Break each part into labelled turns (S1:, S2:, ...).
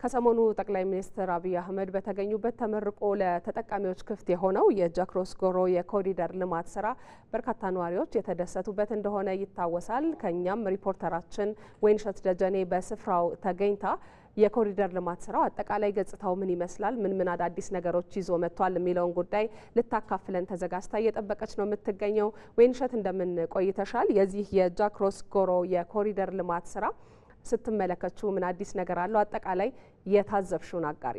S1: ከሰሞኑ ጠቅላይ ሚኒስትር አብይ አህመድ በተገኙበት ተመርቆ ለተጠቃሚዎች ክፍት የሆነው የጃክሮስ ጎሮ የኮሪደር ልማት ስራ በርካታ ነዋሪዎች የተደሰቱበት እንደሆነ ይታወሳል። ከኛም ሪፖርተራችን ወይንሸት ደጀኔ በስፍራው ተገኝታ የኮሪደር ልማት ስራው አጠቃላይ ገጽታው ምን ይመስላል፣ ምን ምን አዳዲስ ነገሮች ይዞ መጥቷል የሚለውን ጉዳይ ልታካፍለን ተዘጋጅታ እየጠበቀች ነው የምትገኘው። ወይንሸት እንደምን ቆይተሻል? የዚህ የጃክሮስ ጎሮ የኮሪደር ልማት ስራ ስትመለከችው ምን አዲስ ነገር አለው? አጠቃላይ የታዘብሽውን አጋሪ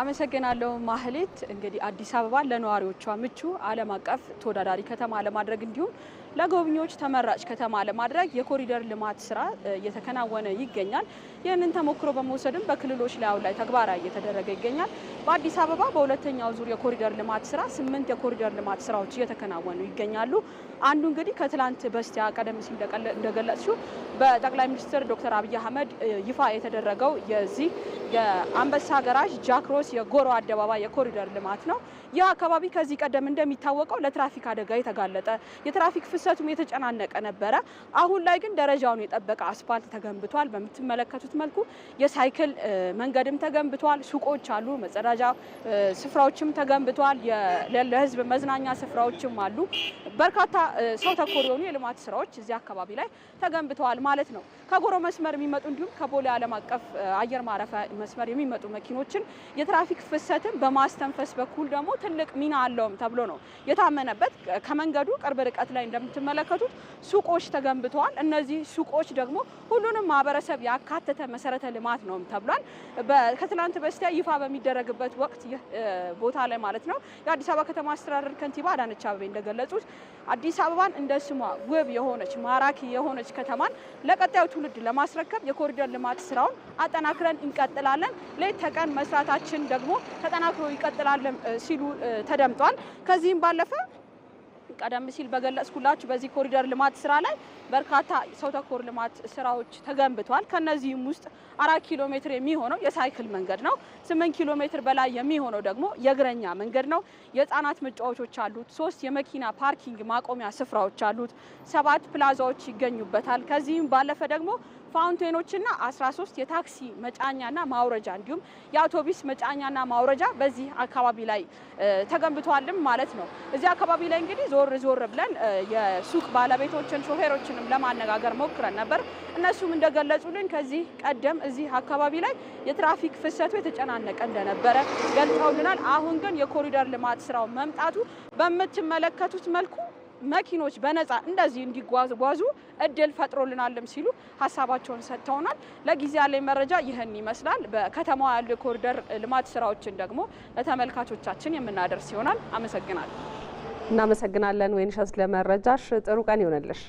S2: አመሰግናለሁ ማህሌት። እንግዲህ አዲስ አበባ ለነዋሪዎቿ ምቹ ዓለም አቀፍ ተወዳዳሪ ከተማ ለማድረግ እንዲሁም ለጎብኚዎች ተመራጭ ከተማ ለማድረግ የኮሪደር ልማት ስራ እየተከናወነ ይገኛል። ይህንን ተሞክሮ በመውሰድም በክልሎች ላይ አሁን ላይ ተግባራዊ እየተደረገ ይገኛል። በአዲስ አበባ በሁለተኛው ዙር የኮሪደር ልማት ስራ ስምንት የኮሪደር ልማት ስራዎች እየተከናወኑ ይገኛሉ። አንዱ እንግዲህ ከትላንት በስቲያ ቀደም ሲል እንደገለጽሽው በጠቅላይ ሚኒስትር ዶክተር አብይ አህመድ ይፋ የተደረገው የዚህ የአንበሳ ገራዥ ጃክሮስ የጎሮ አደባባይ የኮሪደር ልማት ነው። ይህ አካባቢ ከዚህ ቀደም እንደሚታወቀው ለትራፊክ አደጋ የተጋለጠ የትራፊክ ፍሰቱም የተጨናነቀ ነበረ። አሁን ላይ ግን ደረጃውን የጠበቀ አስፋልት ተገንብቷል። በምትመለከቱት መልኩ የሳይክል መንገድም ተገንብቷል። ሱቆች አሉ። መጸዳጃ ስፍራዎችም ተገንብቷል። ለህዝብ መዝናኛ ስፍራዎችም አሉ። በርካታ ሰው ተኮር የሆኑ የልማት ስራዎች እዚህ አካባቢ ላይ ተገንብተዋል ማለት ነው። ከጎሮ መስመር የሚመጡ እንዲሁም ከቦሌ ዓለም አቀፍ አየር ማረፊያ መስመር የሚመጡ መኪኖችን የትራፊክ ፍሰትን በማስተንፈስ በኩል ደግሞ ትልቅ ሚና አለውም ተብሎ ነው የታመነበት ከመንገዱ ቅርብ ርቀት ላይ እንደም እንደምትመለከቱት ሱቆች ተገንብተዋል። እነዚህ ሱቆች ደግሞ ሁሉንም ማህበረሰብ ያካተተ መሰረተ ልማት ነው ተብሏል። ከትላንት በስቲያ ይፋ በሚደረግበት ወቅት ቦታ ላይ ማለት ነው የአዲስ አበባ ከተማ አስተዳደር ከንቲባ አዳነች አበቤ እንደገለጹት አዲስ አበባን እንደ ስሟ ውብ የሆነች ማራኪ የሆነች ከተማን ለቀጣዩ ትውልድ ለማስረከብ የኮሪደር ልማት ስራውን አጠናክረን እንቀጥላለን፣ ሌት ተቀን መስራታችን ደግሞ ተጠናክሮ ይቀጥላል ሲሉ ተደምጧል። ከዚህም ባለፈ ቀደም ሲል በገለጽኩላችሁ በዚህ ኮሪደር ልማት ስራ ላይ በርካታ ሰው ተኮር ልማት ስራዎች ተገንብተዋል። ከነዚህም ውስጥ አራት ኪሎ ሜትር የሚሆነው የሳይክል መንገድ ነው። ስምንት ኪሎ ሜትር በላይ የሚሆነው ደግሞ የእግረኛ መንገድ ነው። የህጻናት መጫወቾች አሉት። ሶስት የመኪና ፓርኪንግ ማቆሚያ ስፍራዎች አሉት። ሰባት ፕላዛዎች ይገኙበታል። ከዚህም ባለፈ ደግሞ ፋውንቴኖችና 13 የታክሲ መጫኛና ማውረጃ እንዲሁም የአውቶቡስ መጫኛና ማውረጃ በዚህ አካባቢ ላይ ተገንብቷልም ማለት ነው። እዚህ አካባቢ ላይ እንግዲህ ዞር ዞር ብለን የሱቅ ባለቤቶችን ሾፌሮችንም ለማነጋገር ሞክረን ነበር። እነሱም እንደገለጹልን ከዚህ ቀደም እዚህ አካባቢ ላይ የትራፊክ ፍሰቱ የተጨናነቀ እንደነበረ ገልጸውልናል። አሁን ግን የኮሪደር ልማት ስራው መምጣቱ በምትመለከቱት መልኩ መኪኖች በነጻ እንደዚህ እንዲጓጓዙ እድል ፈጥሮልናልም ሲሉ ሀሳባቸውን ሰጥተውናል። ለጊዜ ያለኝ መረጃ ይህን ይመስላል። በከተማዋ ያሉ የኮሪደር ልማት ስራዎችን ደግሞ ለተመልካቾቻችን የምናደርስ ይሆናል። አመሰግናለሁ።
S1: እናመሰግናለን ወይንሸት ለመረጃሽ። ጥሩ ቀን ይሆነልሽ።